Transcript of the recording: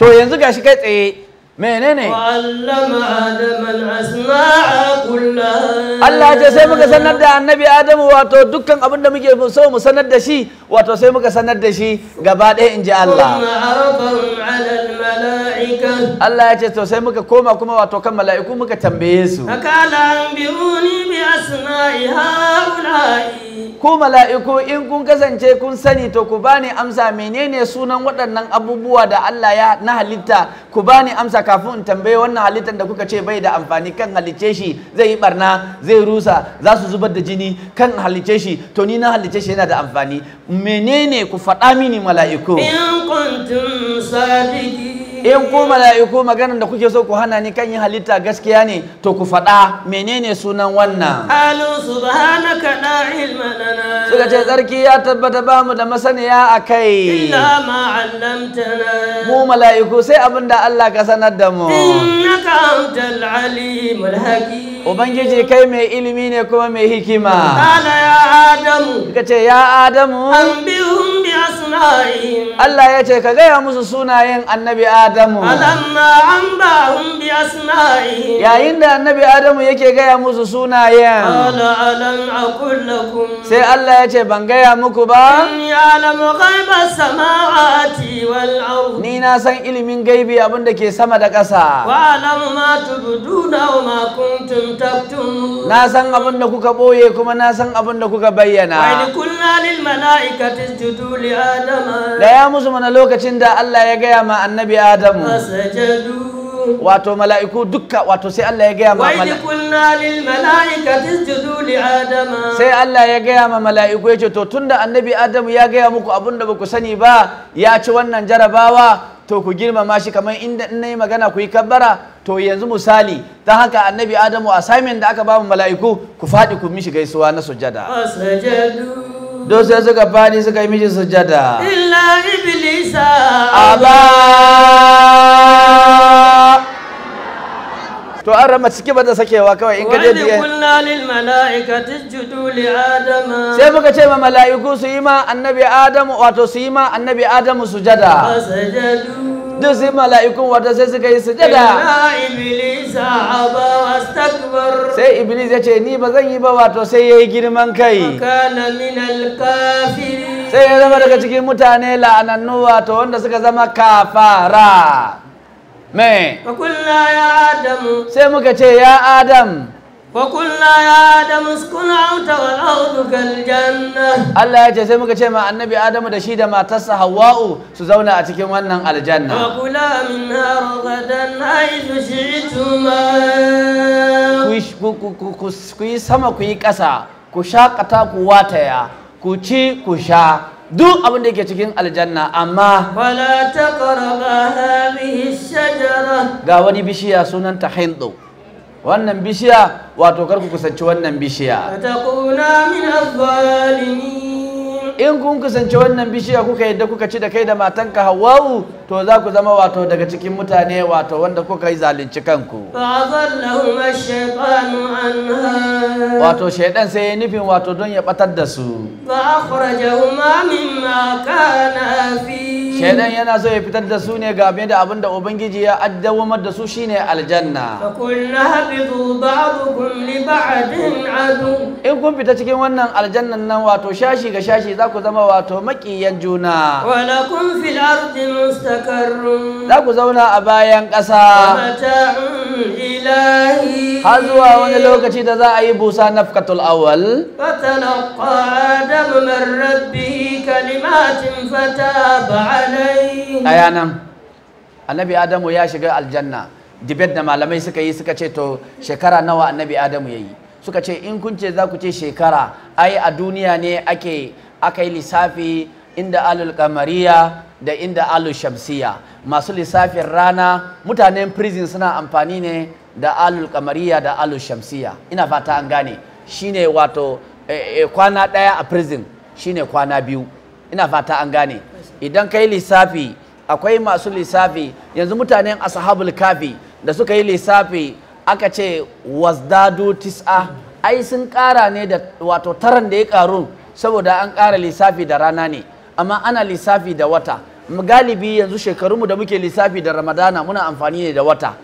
to yanzu gashi kai tsaye menene Allah ce sai muka sanar da annabi Adamu wato dukkan abin da muke so mu sanar da shi wato sai muka sanar da shi gaba ɗaya in ji Allah Allah ya ce to sai muka koma kuma wato kan mala'iku muka tambaye su ku mala'iku in kun kasance kun sani to ku bani amsa menene sunan waɗannan abubuwa da Allah ya na halitta ku bani amsa kafin in tambaye wannan halittar da kuka ce bai da amfani kan halicce shi zai yi barna zai rusa za su zubar da jini kan halicce shi to ni na halice shi yana da amfani menene ku faɗa mini mala'iku in kuntum sadiqin in eh, ko mala'iku maganar da kuke so ku hana ni kan yi halitta gaskiya ne to ku faɗa menene sunan wannan qalu subhanaka la ilma lana suka ce tsarki ya tabbata ba mu da masaniya a kai. illa ma 'allamtana mu mala'iku sai abin da Allah ka sanar da mu innaka antal alimul hakim ubangiji kai mai ilimi ne kuma mai hikima qala ya adamu kace ya adamu an bi ibrahim Allah ya ce ka gaya musu sunayen annabi adamu alamma an ba hun bi asma'ihim yayin da annabi adamu yake gaya musu sunayen ala alam aqul lakum sai Allah ya ce ban gaya muku ba inni alamu ghaibas samawati wal ard ni na san ilimin gaibi abinda ke sama da ƙasa wa alamu ma tubduna wa ma kuntum taktumun na san abinda kuka boye kuma na san abinda kuka bayyana wa qulna da ya musu mana lokacin da Allah ya gaya ma annabi adamu wato mala'iku dukka wato sai Allah ya gaya ma sai Allah ya gaya ma mala'iku ya ce to tunda annabi Adamu ya gaya muku abun da baku sani ba ya ci wannan jarabawa to ku girmama shi kamar inda in nayi magana ku yi kabbara to yanzu misali ta haka annabi Adamu assignment da aka ba mu mala'iku ku faɗi ku mishi gaisuwa na sujada don sai suka fadi suka yi miji sujada illa iblisa aba to an rama ciki ba ta sakewa kawai in gaje biye sai muka ce ma mala'iku su yi ma annabi adamu wato su yi ma annabi adamu sujada duk sai mala'ikun wata sai suka yi sujada sai iblis ya ce ni ba zan yi ba wato sai ya yi girman kai sai ya zama daga cikin mutane la'anannu wato wanda suka zama kafara mai sai muka ce ya adam وقلنا يا آدم اسكن أنت والأرضك الجنة الله يجي سي muka ce ma annabi Adamu da shi da matarsa Hawwa'u su zauna a cikin wannan aljanna وكلا منها رغدا حيث شئتما ku yi sama ku yi ƙasa ku shaƙata ku wataya ku ci ku sha duk abin da yake cikin aljanna amma wala taqrabu hadhihi shajara ga wani bishiya sunanta hindu wannan bishiya wato karku kusanci wannan bishiya in kun kusanci wannan bishiya kuka yadda kuka ci da kai da matanka hawawu to za ku zama wato daga cikin mutane wato wanda kuka yi zalunci kanku wato shaidan sai ya nufin wato don ya batar da su fa kana fi shaidan yana so ya fitar da su ne game da abin da ubangiji ya addawamar da su shine aljanna in kun fita cikin wannan aljannan nan wato shashi ga shashi za ku zama wato maƙiyan juna za ku zauna a bayan ƙasa har zuwa wani lokaci da za a yi busa na nafkatul awal a yanan annabi adamu ya shiga aljanna dibet da malamai suka yi suka ce to shekara nawa annabi adamu ya yi suka ce in kun ce za ku ce shekara ai a duniya ne ake aka yi lissafi inda alul kamariya da inda alul shamsiya masu lissafin rana mutanen prison suna amfani ne da alul kamariya da alul shamsiya ina fata an gane shine wato e, e, kwana ɗaya a prison shine kwana biyu ina fata an gane idan kai lissafi akwai masu lissafi yanzu mutanen ashabul kafi da suka yi lissafi aka ce wasdadu tis'a ai sun ƙara ne da wato taran da ya ƙaru saboda an ƙara lissafi da rana ne amma ana lissafi da wata galibi yanzu shekarunmu da muke lissafi da ramadana muna amfani ne da wata